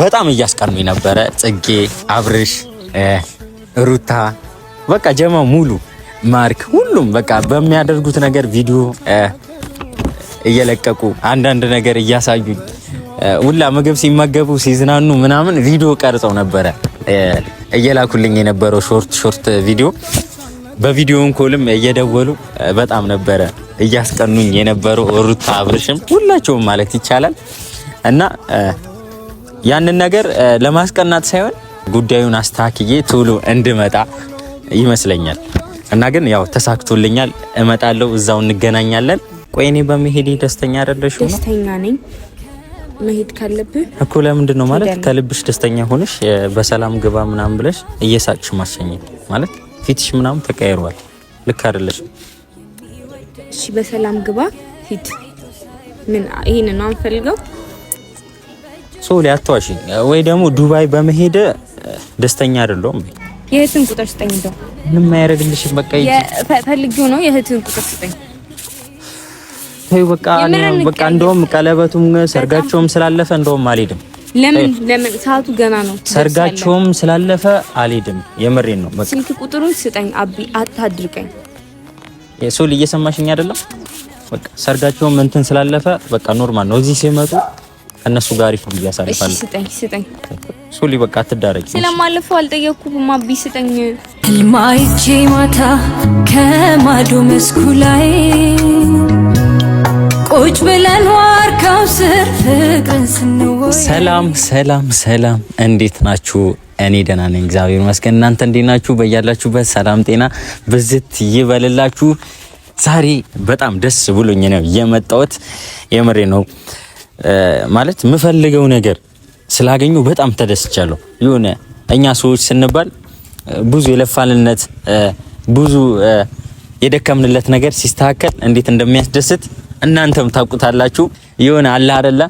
በጣም እያስቀኑኝ ነበረ። ጽጌ፣ አብርሽ፣ ሩታ በቃ ጀማ ሙሉ ማርክ፣ ሁሉም በቃ በሚያደርጉት ነገር ቪዲዮ እየለቀቁ አንዳንድ ነገር እያሳዩኝ ሁላ ምግብ ሲመገቡ ሲዝናኑ ምናምን ቪዲዮ ቀርጸው ነበረ እየላኩልኝ የነበረው ሾርት ሾርት ቪዲዮ በቪዲዮን ኮልም እየደወሉ በጣም ነበረ እያስቀኑኝ የነበረው ሩታ አብርሽም ሁላቸውም ማለት ይቻላል እና ያንን ነገር ለማስቀናት ሳይሆን ጉዳዩን አስተካክዬ ቶሎ እንድመጣ ይመስለኛል። እና ግን ያው ተሳክቶልኛል። እመጣለሁ፣ እዛው እንገናኛለን። ቆይ እኔ ደስተኛ አይደለሽ? ደስተኛ ነኝ። መሄድ ካለብህ እኮ ለምንድን ነው ማለት ከልብሽ ደስተኛ ሆነሽ በሰላም ግባ ምናምን ብለሽ እየሳቅሽ ማሸኝ ማለት ፊትሽ ምናምን ተቀይሯል። ልክ አይደለሽም። እሺ፣ በሰላም ግባ ፊት ምን ይሄን ነው አንፈልገው ሶሊ አትዋሽ። ወይ ደግሞ ዱባይ በመሄድ ደስተኛ አይደለም። የእህትን ቁጥር ስጠኝ። እንደው ምንም አያደርግልሽ። በቃ ፈልጊው ነው። የእህትን ቁጥር ስጠኝ። ተይው በቃ በቃ። እንደውም ቀለበቱም ሰርጋቸውም ስላለፈ እንደውም አልሄድም። ለምን ለምን? ሰዓቱ ገና ነው። ሰርጋቸውም ስላለፈ አልሄድም። የምሬን ነው። በቃ ስልክ ቁጥሩን ስጠኝ። አቢ አታድርቀኝ። የሶሊ እየሰማሽኝ አይደለም? በቃ ሰርጋቸውም እንትን ስላለፈ በቃ ኖርማል ነው። እዚህ ሲመጡ እነሱ ጋር አሪፍ ጊዜ እሺ ስጠኝ ስጠኝ፣ ሱሊ በቃ አትዳረቂ። ስለማለፈው አልጠየቅኩም። አቢ ስጠኝ። ህልማይቼ ማታ ከማዶ መስኩ ላይ ቁጭ ብለን ዋርካው ስር ፍቅርን ስንወይ። ሰላም ሰላም ሰላም፣ እንዴት ናችሁ? እኔ ደህና ነኝ እግዚአብሔር ይመስገን። እናንተ እንዴት ናችሁ? በያላችሁበት ሰላም ጤና ብዝት ይበልላችሁ። ዛሬ በጣም ደስ ብሎኝ ነው የመጣሁት። የምሬ ነው ማለት የምፈልገው ነገር ስላገኘው በጣም ተደስቻለሁ። የሆነ እኛ ሰዎች ስንባል ብዙ የለፋልነት ብዙ የደከምንለት ነገር ሲስተካከል እንዴት እንደሚያስደስት እናንተም ታውቁታላችሁ። የሆነ አለ አይደለ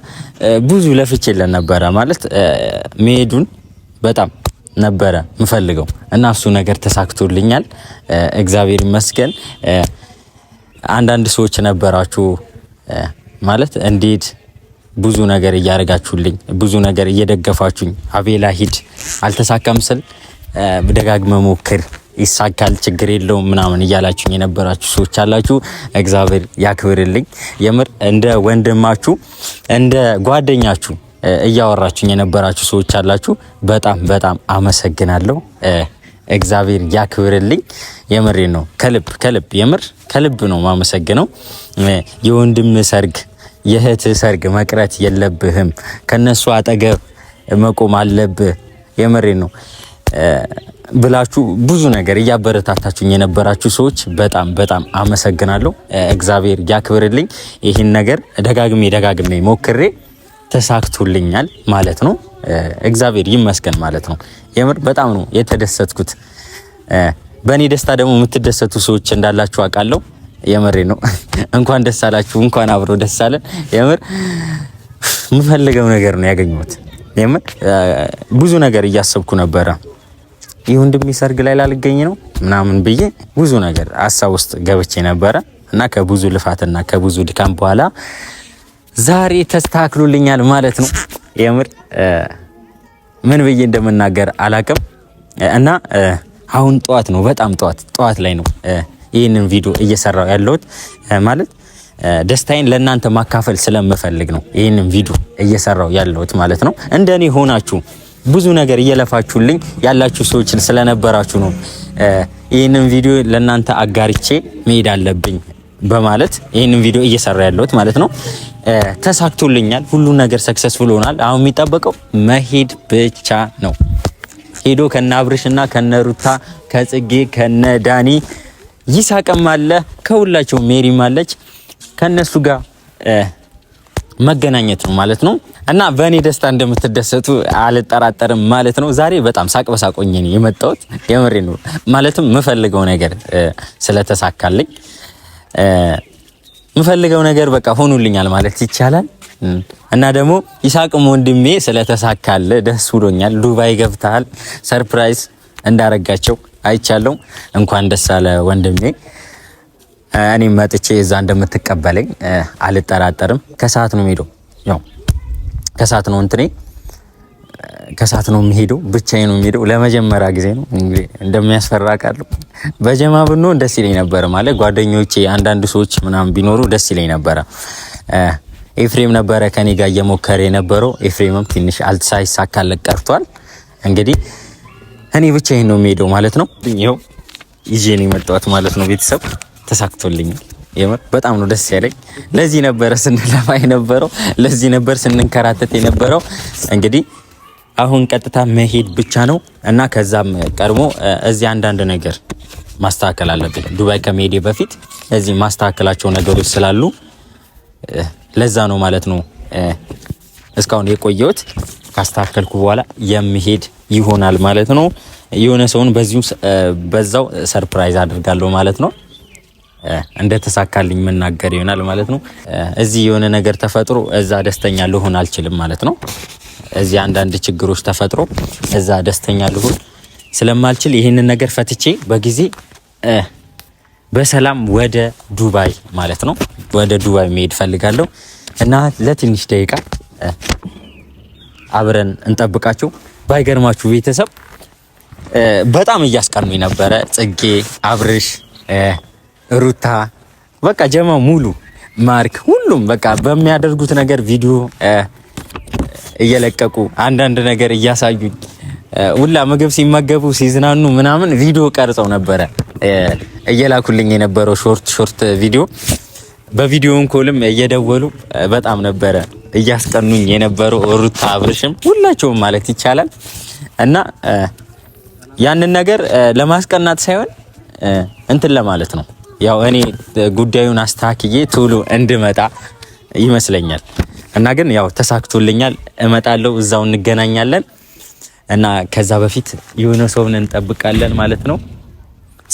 ብዙ ለፍች የለን ነበረ ማለት መሄዱን በጣም ነበረ ምፈልገው እና እሱ ነገር ተሳክቶልኛል፣ እግዚአብሔር ይመስገን። አንዳንድ ሰዎች ነበራችሁ ማለት እንዴት ብዙ ነገር እያደረጋችሁልኝ፣ ብዙ ነገር እየደገፋችሁኝ፣ አቤላ ሂድ አልተሳካም ስል ደጋግመ ሞክር ይሳካል ችግር የለውም ምናምን እያላችሁኝ የነበራችሁ ሰዎች አላችሁ። እግዚአብሔር ያክብርልኝ። የምር እንደ ወንድማችሁ እንደ ጓደኛችሁ እያወራችሁኝ የነበራችሁ ሰዎች አላችሁ። በጣም በጣም አመሰግናለሁ። እግዚአብሔር ያክብርልኝ። የምሬ ነው፣ ከልብ ከልብ የምር ከልብ ነው ማመሰግነው። የወንድም ሰርግ የእህትህ ሰርግ መቅረት የለብህም። ከነሱ አጠገብ መቆም አለብህ። የመሬ ነው ብላችሁ ብዙ ነገር እያበረታታችሁኝ የነበራችሁ ሰዎች በጣም በጣም አመሰግናለሁ። እግዚአብሔር ያክብርልኝ። ይህን ነገር ደጋግሜ ደጋግሜ ሞክሬ ተሳክቶልኛል ማለት ነው። እግዚአብሔር ይመስገን ማለት ነው። የምር በጣም ነው የተደሰትኩት። በእኔ ደስታ ደግሞ የምትደሰቱ ሰዎች እንዳላችሁ አውቃለሁ። የምሬ ነው። እንኳን ደስ አላችሁ፣ እንኳን አብሮ ደስ አለን። የምር የምፈልገው ነገር ነው ያገኘሁት። የምር ብዙ ነገር እያሰብኩ ነበረ። የወንድሜ ሰርግ ላይ ላልገኝ ነው ምናምን ብዬ ብዙ ነገር ሀሳብ ውስጥ ገብቼ ነበረ እና ከብዙ ልፋትና ከብዙ ድካም በኋላ ዛሬ ተስተካክሎልኛል ማለት ነው። የምር ምን ብዬ እንደምናገር አላቅም እና አሁን ጠዋት ነው፣ በጣም ጠዋት ጠዋት ላይ ነው ይህንን ቪዲዮ እየሰራው ያለሁት ማለት ደስታዬን ለእናንተ ማካፈል ስለምፈልግ ነው ይህንን ቪዲዮ እየሰራው ያለሁት ማለት ነው። እንደኔ ሆናችሁ ብዙ ነገር እየለፋችሁልኝ ያላችሁ ሰዎችን ስለነበራችሁ ነው ይህንን ቪዲዮ ለእናንተ አጋርቼ መሄድ አለብኝ በማለት ይህንን ቪዲዮ እየሰራ ያለሁት ማለት ነው። ተሳክቶልኛል። ሁሉ ነገር ሰክሰስፉል ሆናል። አሁን የሚጠበቀው መሄድ ብቻ ነው። ሄዶ ከነ አብርሽና ከነ ሩታ ከጽጌ ከነ ዳኒ ይሳቅም አለ ከሁላቸው ሜሪም አለች። ከነሱ ጋር መገናኘት ነው ማለት ነው። እና በእኔ ደስታ እንደምትደሰቱ አልጠራጠርም ማለት ነው። ዛሬ በጣም ሳቅ በሳቆኝ ነው የመጣሁት። የምሬ ነው ማለትም የምፈልገው ነገር ስለተሳካልኝ የምፈልገው ነገር በቃ ሆኑልኛል ማለት ይቻላል። እና ደግሞ ይሳቅም ወንድሜ ስለተሳካለ ደስ ብሎኛል። ዱባይ ገብተሃል ሰርፕራይዝ እንዳረጋቸው አይቻለሁ። እንኳን ደስ አለ ወንድሜ። እኔ መጥቼ እዛ እንደምትቀበለኝ አልጠራጠርም። ከሰዓት ነው የምሄደው፣ ያው ከሰዓት ነው እንትኔ፣ ከሰዓት ነው የምሄደው። ብቻዬን ነው የምሄደው፣ ለመጀመሪያ ጊዜ ነው። እንግዲህ እንደሚያስፈራ ቃሉ በጀማ ብንሆን ደስ ይለኝ ነበረ፣ ማለት ጓደኞቼ፣ አንዳንድ ሰዎች ምናምን ቢኖሩ ደስ ይለኝ ነበረ። ኤፍሬም ነበረ ከኔ ጋር እየሞከረ የነበረው። ኤፍሬምም ትንሽ አልሳይሳካለት ቀርቷል እንግዲህ እኔ ብቻዬን ነው የሚሄደው ማለት ነው። ይኸው ይዤ ነው የመጣሁት ማለት ነው። ቤተሰብ ተሳክቶልኛል። የምር በጣም ነው ደስ ያለኝ። ለዚህ ነበረ ስንለፋ የነበረው፣ ለዚህ ነበር ስንንከራተት የነበረው። እንግዲህ አሁን ቀጥታ መሄድ ብቻ ነው እና ከዛም ቀድሞ እዚህ አንዳንድ ነገር ማስተካከል አለብኝ። ዱባይ ከመሄዴ በፊት እዚህ ማስተካከላቸው ነገሮች ስላሉ ለዛ ነው ማለት ነው እስካሁን የቆየሁት። ካስተካከልኩ በኋላ የምሄድ ይሆናል ማለት ነው። የሆነ ሰውን በዚሁ በዛው ሰርፕራይዝ አድርጋለሁ ማለት ነው። እንደተሳካልኝ መናገር ይሆናል ማለት ነው። እዚህ የሆነ ነገር ተፈጥሮ እዛ ደስተኛ ልሆን አልችልም ማለት ነው። እዚህ አንዳንድ ችግሮች ተፈጥሮ እዛ ደስተኛ ልሆን ስለማልችል ይህንን ነገር ፈትቼ በጊዜ በሰላም ወደ ዱባይ ማለት ነው ወደ ዱባይ መሄድ ፈልጋለሁ እና ለትንሽ ደቂቃ አብረን እንጠብቃቸው። ባይገርማችሁ ቤተሰብ በጣም እያስቀኑ ነበረ። ጽጌ፣ አብርሽ፣ ሩታ በቃ ጀማ ሙሉ ማርክ፣ ሁሉም በቃ በሚያደርጉት ነገር ቪዲዮ እየለቀቁ አንዳንድ ነገር እያሳዩኝ ሁላ ምግብ ሲመገቡ ሲዝናኑ ምናምን ቪዲዮ ቀርጸው ነበረ እየላኩልኝ የነበረው ሾርት ሾርት ቪዲዮ በቪዲዮን ኮልም እየደወሉ በጣም ነበረ እያስቀኑኝ የነበረው ሩታ አብርሽም ሁላቸውም ማለት ይቻላል እና ያንን ነገር ለማስቀናት ሳይሆን እንትን ለማለት ነው። ያው እኔ ጉዳዩን አስተካክዬ ቶሎ እንድመጣ ይመስለኛል እና ግን ያው ተሳክቶልኛል። እመጣለሁ፣ እዛው እንገናኛለን እና ከዛ በፊት የሆነ ሰውን እንጠብቃለን ማለት ነው።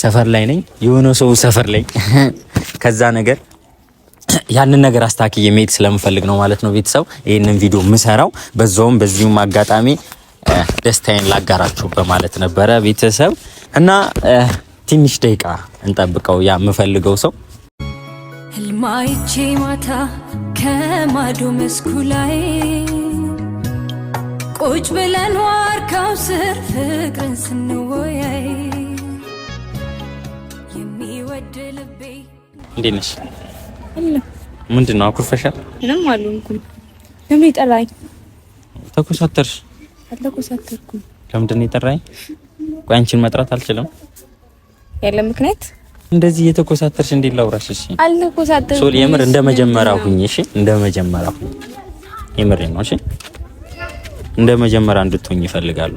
ሰፈር ላይ ነኝ፣ የሆነ ሰው ሰፈር ላይ ከዛ ነገር ያንን ነገር አስታኪ መሄድ ስለምፈልግ ነው ማለት ነው ቤተሰብ ይህንን ቪዲዮ ምሰራው። በዛውም በዚሁም አጋጣሚ ደስታዬን ላጋራችሁ በማለት ነበረ ቤተሰብ እና ትንሽ ደቂቃ እንጠብቀው ያ የምፈልገው ሰው ህልማይቼ ማታ ከማዶ መስኩ ላይ ቁጭ ብለን ዋርካው ስር ፍቅርን ስንወያይ የሚወድ ልቤ እንዴት ነሽ? ምንድን ነው አኩርፈሻል? ምንም አልሆንኩም። ለምን የጠራኝ? ተኮሳተርሽ? አልተኮሳተርኩም። ለምንድን ነው የጠራኝ? ቆይ አንቺን መጥራት አልችልም ያለ ምክንያት እንደዚህ እየተኮሳተርሽ እንዴት ላውራሽ? እሺ አልተኮሳተርኩም። ሶሪ የምር እንደመጀመሪያው ሁኝ። እሺ እንደመጀመሪያው ሁኝ። የምር ነው። እሺ እንደመጀመሪያ እንድትሆኝ ይፈልጋሉ።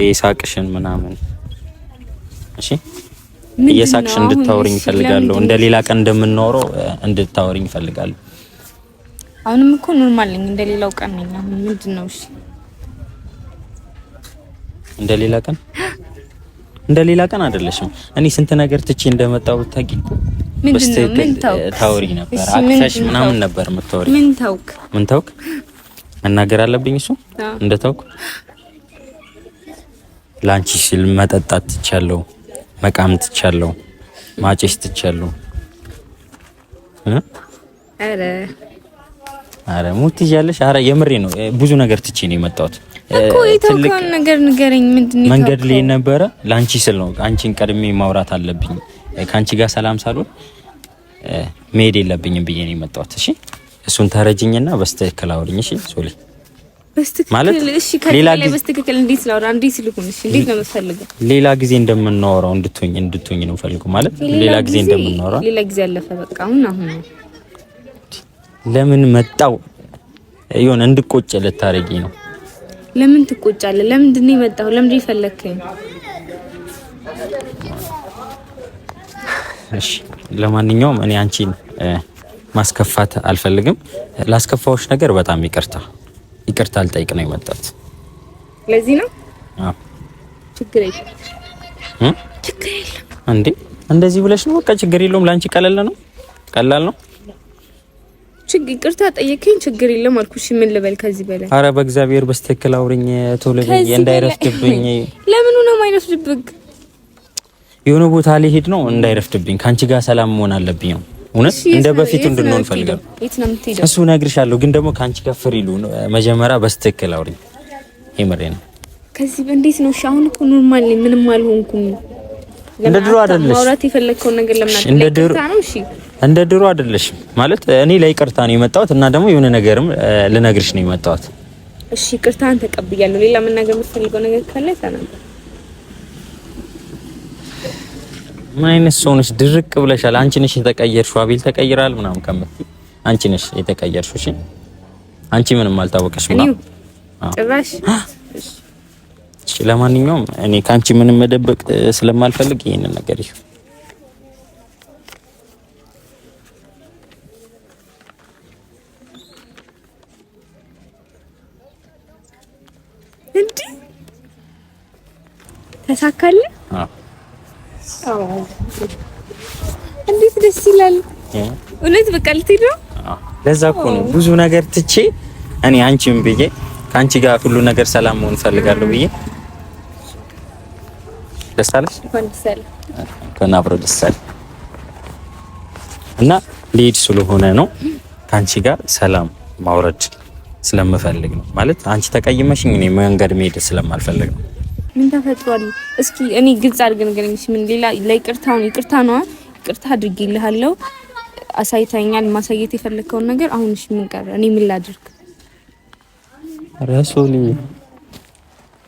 ይሄ ምናምን እሺ እየሳቅሽ እንድታወሪኝ እፈልጋለሁ። እንደ ሌላ ቀን እንደምናወራው እንድታወሪኝ እፈልጋለሁ። አሁንም እኮ ኖርማል ነኝ፣ እንደ ሌላው ቀን ነኝ። አሁን ምንድን ነው? እሺ እንደ ሌላ ቀን እንደ ሌላ ቀን አይደለሽም። እኔ ስንት ነገር ትቼ እንደመጣሁ ብታውቂ እኮ ነበር። ምናምን ነበር የምታወሪ። ምን ታውክ ምን ታውክ መናገር አለብኝ እሱ እንደ ታውክ ለአንቺ ስል መጠጣት ትቻለሁ መቃም ትቻለሁ፣ ማጨስ ትቻለሁ። አረ አረ ሙት ይያለሽ። አረ የምሬ ነው። ብዙ ነገር ትቼ ነው የመጣሁት እኮ። የተውከውን ነገር ንገረኝ። ምንድን ነው መንገድ ላይ ነበረ። ላንቺ ስል ነው አንቺን ቀድሜ ማውራት አለብኝ። ከአንቺ ጋር ሰላም ሳልሆን መሄድ የለብኝም ብዬ ነው የመጣሁት። እሺ እሱን ተረጅኝና በስተክላውልኝ። እሺ ሶሊ ሌላ ጊዜ በስትክክል እንዴት ነው ነው የምትፈልገው? እንደምናወራው እንድትሆኝ እንድትሆኝ ነው የምፈልገው። ማለት ሌላ ጊዜ እንደምናወራው ሌላ ጊዜ ያለፈ በቃ አሁን አሁን ለምን መጣው ይሁን እንድቆጭ ልታረጊ ነው? ለምን ትቆጫለ? ለምንድን ነው የመጣው? ለምንድን ነው እሺ፣ ለማንኛውም እኔ አንቺን ማስከፋት አልፈልግም። ላስከፋዎች ነገር በጣም ይቅርታ ይቅርታ ልጠይቅ ነው የመጣሁት። ለዚህ ነው። አዎ ችግር የለም ችግር የለም እንዴ እንደዚህ ብለሽ ነው። በቃ ችግር የለውም። ለአንቺ ቀለል ነው፣ ቀላል ነው። ችግር ይቅርታ ጠየቀኝ፣ ችግር የለም አልኩሽ። ምን ልበል ከዚህ በላይ? አረ በእግዚአብሔር በስትክክል አውሪኝ፣ ቶሎ ብዬ እንዳይረፍድብኝ። ለምኑ ነው የማይረፍድብኝ? የሆነ ቦታ ሊሄድ ነው እንዳይረፍድብኝ። ከአንቺ ጋር ሰላም መሆን አለብኝ ነው እውነት እንደ በፊቱ እንድንሆን ፈልጋል። እሱ እነግርሻለሁ፣ ግን ደግሞ ከአንቺ ጋር ፍሪ መጀመሪያ በስትክል አውሪ። የምሬ ነው። ከዚህ እንዴት ነው? እሺ አሁን እኮ ኖርማል ነኝ፣ ምንም አልሆንኩም። እንደ ድሮ አይደለሽ። ማውራት የፈለግከውን ነገር ለምን እንደ ድሮ እንደ ድሮ አይደለሽ ማለት እኔ ላይ ቅርታ ነው የመጣሁት እና ደግሞ የሆነ ነገርም ልነግርሽ ነው የመጣሁት። እሺ ቅርታን ተቀብያለሁ። ሌላ መናገር የምትፈልገው ነገር ካለ ታናገር ምን አይነት ሰው ነሽ? ድርቅ ብለሻል። አንቺ ነሽ የተቀየርሽው። አቤል ተቀይራል ምናምን ከምትይ አንቺ ነሽ የተቀየርሽው። እሺ አንቺ ምንም አልታወቀሽ ምናምን ጭራሽ። እሺ ለማንኛውም እኔ ከአንቺ ምንም መደበቅ ስለማልፈልግ ይሄንን ነገር ይሁን እንዴ ተሳካለ እንዴት ደስ ይላል። እውነት በቃ ልትሄድ ነው። ለዛ እኮ ነው ብዙ ነገር ትቼ እኔ አንቺም ብዬ ከአንቺ ጋር ሁሉ ነገር ሰላም መሆን እፈልጋለሁ ብዬ ደስ አለሽ እንኳን አብሮ ደስ አለ እና ልሄድ ስለሆነ ነው ከአንቺ ጋር ሰላም ማውረድ ስለምፈልግ ነው ማለት አንቺ ተቀይመሽኝ እኔ መንገድ መሄድ ስለማልፈልግ ነው ምን ተፈጥሯል? እስኪ እኔ ግልጽ አድርገን ነገር ምን ሌላ ለይቅርታ ነው ይቅርታ ነው ይቅርታ አድርጌልሃለሁ። አሳይታኛል። ማሳየት የፈለግከውን ነገር አሁን እሺ፣ ምን ቀረ? እኔ ምን ላድርግ? ረሱሊ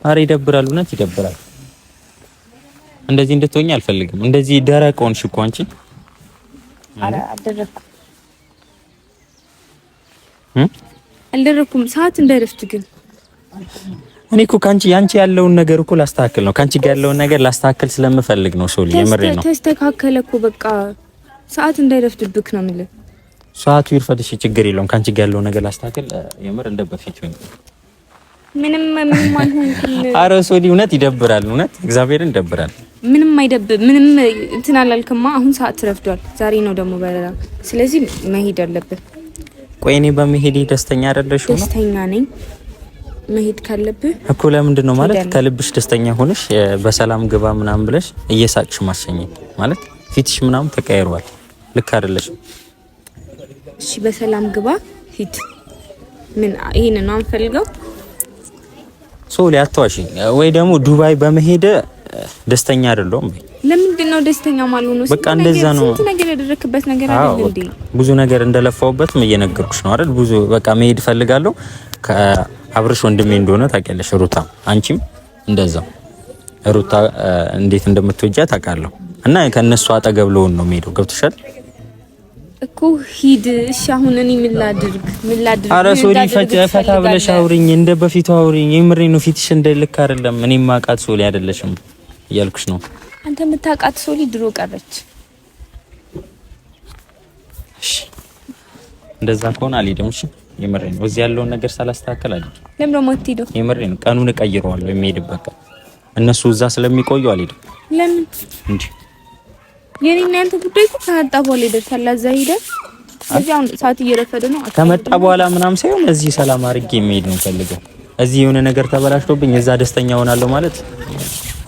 አረ ይደብራል፣ እውነት ይደብራል። እንደዚህ እንድትሆኝ አልፈልግም። እንደዚህ ደረቅ ሆንሽ እኮ አንቺ። አረ አልደረኩም አልደረኩም። ሰዓት እንዳይረፍት ግን እኔ እኮ ካንቺ ያንቺ ያለውን ነገር እኮ ላስተካክል ነው። ካንቺ ጋር ያለውን ነገር ላስተካክል ስለምፈልግ ነው። ሶሊ የምሬ ነው። ተስተካከለ እኮ በቃ ሰዓት እንዳይረፍድብክ ነው የምልህ። ሰዓቱ ይርፈድሽ ችግር የለውም። ካንቺ ጋር ያለውን ነገር ላስተካክል የምር እንደበፊት ነው። ምንም ምንም። አረ ሶሊ እውነት ይደብራል። እውነት እግዚአብሔርን ይደብራል። ምንም አይደብ ምንም እንትን አላልክማ። አሁን ሰዓት ትረፍዷል። ዛሬ ነው ደግሞ በረራ። ስለዚህ መሄድ አለብን። ቆይ እኔ በመሄድ ደስተኛ አይደለሽ? ደስተኛ ነኝ መሄድ ካለብህ እኮ ለምንድን ነው ማለት ከልብሽ ደስተኛ ሆነሽ በሰላም ግባ ምናምን ብለሽ እየሳቅሽ ማሸኘት ማለት ፊትሽ ምናምን ተቀይሯል። ልክ አይደለሽም። እሺ በሰላም ግባ ፊት ምን ይሄን ነው አንፈልገው ሶ ሊያተዋሽኝ ወይ ደግሞ ዱባይ በመሄድ ደስተኛ አይደለሁም። ለምንድን ነው ደስተኛ ማለት ነው? በቃ እንደዛ ነው። ስንት ነገር ያደረክበት ነገር አይደል እንዴ? ብዙ ነገር እንደለፋውበት እየነገርኩሽ ነው አይደል? ብዙ በቃ መሄድ እፈልጋለሁ አብርሽ ወንድሜ እንደሆነ ታውቂያለሽ ሩታ፣ አንቺም እንደዛ ሩታ እንዴት እንደምትወጃ ታውቃለሁ። እና ከነሱ አጠገብ ለሆን ነው የምሄደው። ገብቶሻል እኮ ሂድ። እሺ አሁን እኔ ምን ላድርግ? ምን ላድርግ? ኧረ ሶሪ፣ ፈታ ፈታ ብለሽ አውሪኝ፣ እንደ በፊቱ አውሪኝ። የምሬ ነው፣ ፊትሽ እንደ ልክ አይደለም። እኔ ማቃት ሶሊ አይደለሽም እያልኩሽ ነው። አንተ የምታውቃት ሶሊ ድሮ ቀረች። እሺ እንደዛ ከሆነ አልሄድም። እሺ የምሬ ነው። እዚህ ያለውን ነገር ሳላስተካከል አለ ለምን ደሞ አትሄደው? የምሬ ነው። ቀኑን እቀይረዋለሁ የሚሄድበት ቀን። እነሱ እዛ ስለሚቆዩ አልሄድም። ለምን እንጂ የኔ እናንተ ጉዳይ እኮ ከመጣ በኋላ ይደርሳል። እዛ ሄደህ እዚህ አሁን ሰዓት እየረፈደ ነው። ከመጣ በኋላ ምናምን ሳይሆን እዚህ ሰላም አድርጌ የሚሄድ ነው ፈልገው። እዚህ የሆነ ነገር ተበላሽቶብኝ እዛ ደስተኛ ሆናለሁ ማለት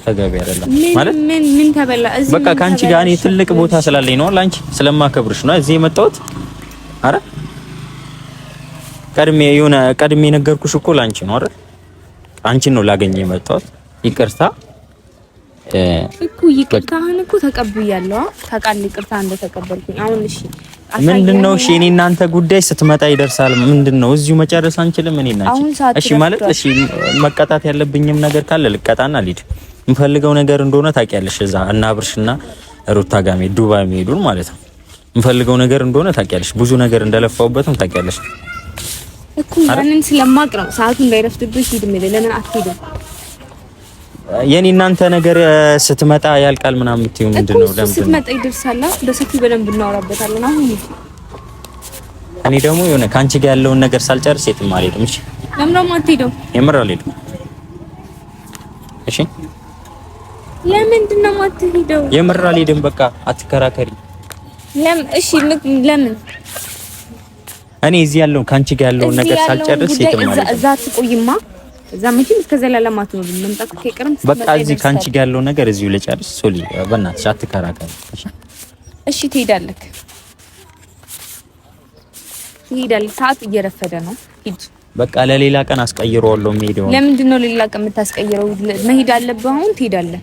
ተገቢ አይደለም። ማለት ምን ምን ተበላ? እዚህ በቃ ከአንቺ ጋር እኔ ትልቅ ቦታ ስላለኝ ነው፣ ላንቺ ስለማከብርሽ ነው እዚህ የመጣሁት። አረ ቀድሜ የሆነ ቀድሜ የነገርኩሽ እኮ ላንቺ ነው አይደል? አንቺን ነው ላገኘ የመጣሁት። ይቅርታ እኮ ይቅርታህን እኮ ተቀብያለሁ። ታውቃለህ ይቅርታ እንደተቀበልኩኝ። አሁን እሺ ምንድን ነው እሺ፣ እኔ እናንተ ጉዳይ ስትመጣ ይደርሳል። ምንድን ነው እዚሁ መጨረስ አንችልም? እኔ እናንቺ እሺ ማለት እሺ፣ መቀጣት ያለብኝም ነገር ካለ ልቀጣና ልሂድ። የምፈልገው ነገር እንደሆነ ታውቂያለሽ። እዛ እና ሩታ ጋሜ ዱባይ የሚሄዱን ማለት ነው። የምፈልገው ነገር እንደሆነ ታውቂያለሽ። ብዙ ነገር እንደለፋውበትም ታውቂያለሽ። እኮ ያንን ስለማቅ ነው ሰዓቱ ሂድ ለምን አትሄድም? የኔ እናንተ ነገር ስትመጣ ያልቃል ምናምን የምትይው ምንድን ነው? ለምን ስትመጣ ይደርሳል። በሰፊው በደንብ እናወራበታለን። አሁን እኔ ደግሞ የሆነ ከአንቺ ጋር ያለውን ነገር ሳልጨርስ የትም አልሄድም። እሺ? ለምን ነው የማትሄደው? የምር አልሄድም። እሺ? ለምንድን ነው የማትሄደው? የምር አልሄድም። በቃ አትከራከሪ። ለምን? እሺ፣ ለምን እኔ እዚህ ያለው ከአንቺ ጋር ያለውን ነገር ሳልጨርስ እዛ ትቆይማ እዛ መቼም እስከ ዘላለማት ነው መምጣት ከቀርም በቃ እዚህ ከአንቺ ጋር ያለውን ነገር እዚሁ ልጨርስ። ሶሊ በእናትሽ አትከራከሪ። እሺ ትሄዳለህ፣ ትሄዳለህ። ሰዓት እየረፈደ ነው። ሂድ በቃ ለሌላ ቀን አስቀይረዋለሁ። የምሄደው ለምንድን ነው? ሌላ ቀን የምታስቀይረው? መሄድ አለብህ አሁን። ትሄዳለህ።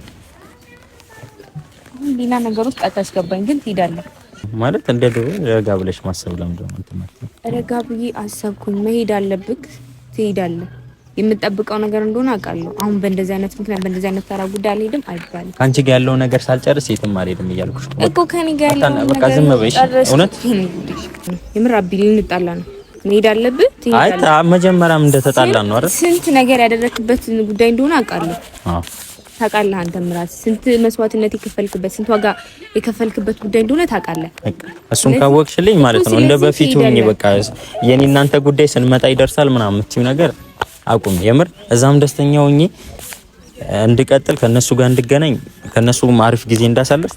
ሌላ ነገር ውስጥ አታስገባኝ፣ ግን ትሄዳለህ ማለት እንደ ድሮ ረጋ ብለሽ ማሰብ ለምንድነው? ረጋ ብዬ አሰብኩኝ። መሄድ አለብክ፣ ትሄዳለህ። የምጠብቀው ነገር እንደሆነ አውቃለሁ። አሁን በእንደዚህ አይነት ምክንያት በእንደዚህ አይነት ተራ ጉዳይ አልሄድም አይባልም። ከአንቺ ጋር ያለው ነገር ሳልጨርስ የትም አልሄድም እያልኩሽ እኮ። ከኔ ጋር ያለው ነገር በቃ ዝም በይሽ። እውነት የምር አቢ ልንጣላ ነው። መሄድ አለብህ፣ አይ መጀመሪያም እንደተጣላ ነው አይደል? ስንት ነገር ያደረክበት ጉዳይ እንደሆነ አውቃለሁ። ታውቃለህ። አንተ ምራስ ስንት መስዋዕትነት የከፈልክበት ስንት ዋጋ የከፈልክበት ጉዳይ እንደሆነ ታውቃለህ። እሱን ካወቅሽልኝ ማለት ነው እንደ በፊቱ በቃ የኔ እናንተ ጉዳይ ስንመጣ ይደርሳል ምናምን የምትይው ነገር አቁም። የምር እዛም ደስተኛ ሆኜ እንድቀጥል ከነሱ ጋር እንድገናኝ ከነሱ አሪፍ ጊዜ እንዳሳልፍ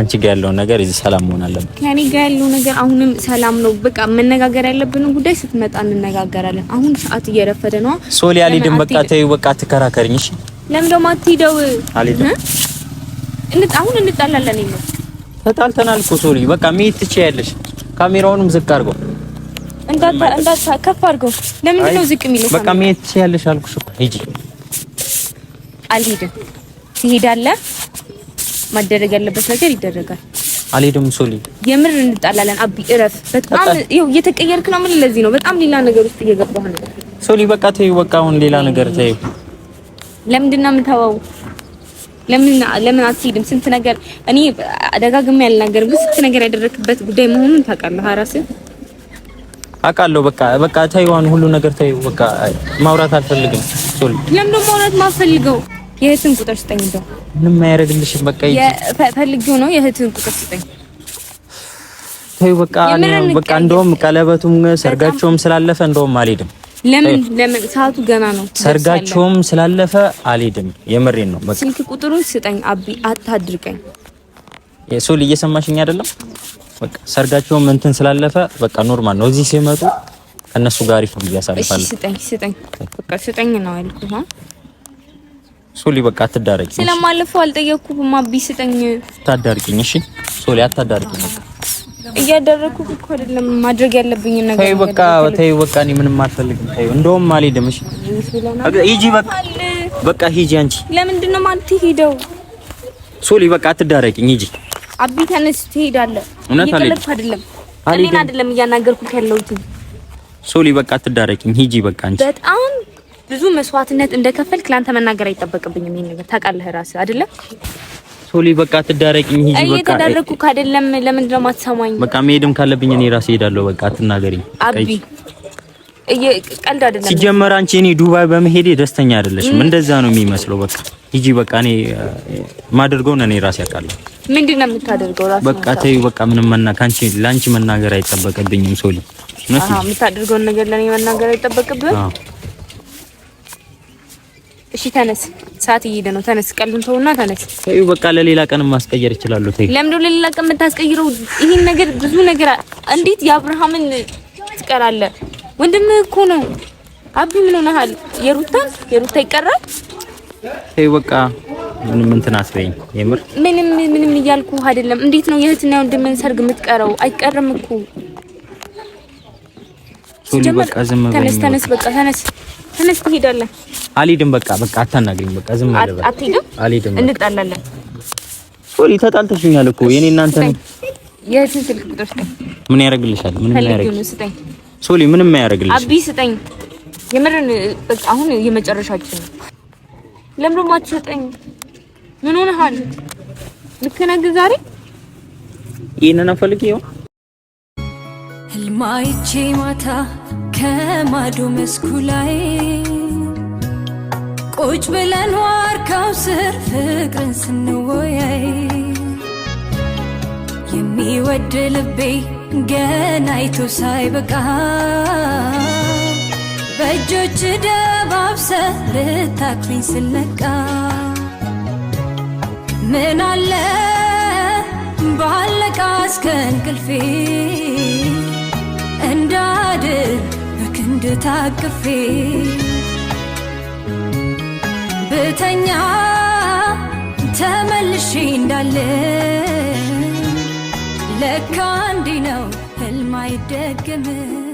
አንቺ ጋር ያለው ነገር እዚህ ሰላም መሆን አለበት። ከኔ ጋር ያለው ነገር አሁንም ሰላም ነው። በቃ መነጋገር ያለብንን ጉዳይ ስትመጣ እንነጋገራለን። አሁን ሰዓት እየረፈደ ነው። ሶሊያሊ ድን በቃ ተይው፣ በቃ እሺ ለምን ደግሞ አትሄደው? አልሄድም። አሁን እንጣላለን። ይሄ ተጣልተናል እኮ ሶሪ፣ በቃ መሄድ ትችያለሽ። ካሜራውንም ዝቅ አድርገው፣ እንዳታ እንዳታ ከፍ አድርገው። ለምንድን ነው ዝቅ የሚለው? በቃ መሄድ ትችያለሽ አልኩሽ እኮ ሂጂ። አልሄድም። ትሄዳለህ። ማደረግ ያለበት ነገር ይደረጋል። አልሄድም ሶሊ፣ የምር እንጣላለን። አቢ እረፍ። በጣም ይኸው እየተቀየርክ ነው። ምን ለዚህ ነው በጣም ሌላ ነገር ውስጥ እየገባህ ነው ሶሊ። በቃ ተይው፣ በቃ አሁን ሌላ ነገር ተይው። ለምንድን ነው የምተወው? ለምን ለምን አትሄድም? ስንት ነገር እኔ አደጋግሜ ያልናገርም፣ ስንት ነገር ያደረክበት ጉዳይ መሆኑን ታውቃለህ እራስህ አውቃለሁ። በቃ በቃ ተይዋን፣ ሁሉ ነገር ተይው። በቃ ማውራት አልፈልግም። ሶሪ። ለምን ማውራት ማፈልገው? የእህትን ቁጥር ስጠኝ። እንደው ምንም አያደርግልሽም። በቃ ፈልጊው ነው። የእህትን ቁጥር ስጠኝ። ተይው በቃ በቃ። እንደውም ቀለበቱም ሰርጋቸውም ስላለፈ እንደውም አልሄድም። ለምን ለምን ሰዓቱ ገና ነው። ሰርጋቸውም ስላለፈ አልሄድም። የምሬን ነው። በቃ ስልክ ቁጥሩን ስጠኝ አቢ፣ አታድርቀኝ። የሱል እየሰማሽኝ አይደለም? በቃ ሰርጋቸውም እንትን ስላለፈ በቃ ኖርማል ነው። እዚህ ሲመጡ ከነሱ ጋር ይፈም ጊዜ እሺ ስጠኝ ስጠኝ፣ በቃ ስጠኝ ነው ያልኩህ። ሱል በቃ አትዳረቂ። ስለማለፈው አልጠየቅኩም። አቢ ስጠኝ። አታዳርቂኝ። እሺ ሱል አታዳርቂኝ። እያደረኩ እኮ አይደለም ማድረግ ያለብኝ ነገር። ተይው በቃ ተይው በቃ፣ እኔ ምንም አልፈልግም። ተይው እንደውም አልሄድም። እሺ ሂጂ፣ በቃ በቃ ሂጂ። አንቺ ለምንድን ነው ማለት ሄደው ሶሊ፣ በቃ አትዳረቂኝ። ሂጂ አቢ፣ ተነስ፣ ትሄዳለህ። እውነት አይደለም እኔን አይደለም እያናገርኩት ያለሁት ሶሊ፣ በቃ አትዳረቂኝ። ሂጂ በቃ አንቺ በጣም ብዙ መስዋዕትነት እንደከፈልክ ላንተ መናገር አይጠበቅብኝም። ይሄን ነገር ታውቃለህ ራስህ አይደለም ሶሊ በቃ አትዳረቂኝ፣ ሂጂ በቃ። እየተዳረኩ ካደለም ለምንድን ነው የማትሰማኝ? በቃ መሄድም ካለብኝ እኔ ራሴ እሄዳለሁ። በቃ አትናገሪኝ አቢ። ቀልድ አይደለም። ሲጀመር አንቺ እኔ ዱባይ በመሄዴ ደስተኛ አይደለሽም። እንደዛ ነው የሚመስለው። በቃ ሂጂ በቃ። እኔ ማደርገውን እኔ ራሴ አውቃለሁ። ምንድን ነው የምታደርገው? ራስህ በቃ ተይው በቃ። ምንም መና ካንቺ ለአንቺ መናገር አይጠበቅብኝም ሶሊ። አሃ የምታደርገውን ነገር ለኔ መናገር አይጠበቅብኝም። እሺ ተነስ፣ ሰዓት እየሄደ ነው። ተነስ፣ ቀልም ተውና ተነስ። ተይው በቃ ለሌላ ቀን ማስቀየር ይችላል። ተይው። ለምንድን ነው ለሌላ ቀን የምታስቀይረው? ይሄን ነገር ብዙ ነገር እንዴት የአብርሃምን ትቀራለህ? ወንድም እኮ ነው። አቢ ምን ሆነሃል? የሩታ የሩታ ይቀራል። ተይው በቃ ምንም እንትን አትበይኝ። የምር ምንም ምንም እያልኩ አይደለም። እንዴት ነው የእህትና የወንድምን ሰርግ የምትቀረው? አይቀርም እኮ ሶሊ። በቃ ዝም በይ። ተነስ ተነስ፣ በቃ ተነስ ተነስ፣ ትሄዳለህ አልሄድም። በቃ በቃ አታናግሪኝ። በቃ ዝም አልበል። አትሄድም? አልሄድም። እንጣላለን። ሶሪ ተጣልተሽኛል እኮ የኔ እናንተ ነው። የእህትን ስልክ ቁጥር ስጠኝ። ምን ያደርግልሻል? ምንም ያደርግልሽ ስጠኝ። ሶሪ ምንም ያደርግልሽ አቢ ስጠኝ። የምርን በቃ አሁን የመጨረሻችን ነው። ለምሮ አትሰጠኝ? ምን ሆነሃል? ልክ ነህ ዛሬ ይሄንን አፈልግ ይሁን ህልማይቼ ማታ ከማዶ መስኩ ላይ ቁጭ ብለን ዋርካው ስር ፍቅርን ስንወያይ የሚወድ ልቤ ገናይቶ ሳይበቃ በእጆች ደባብሰ ልታክሪኝ ስለቃ ምን አለ ባለቃ እስከ እንቅልፌ እንዳድር በክንድ ታቅፌ ብተኛ ተመልሼ እንዳለ ለካ እንዲህ ነው ህልም አይደገምም።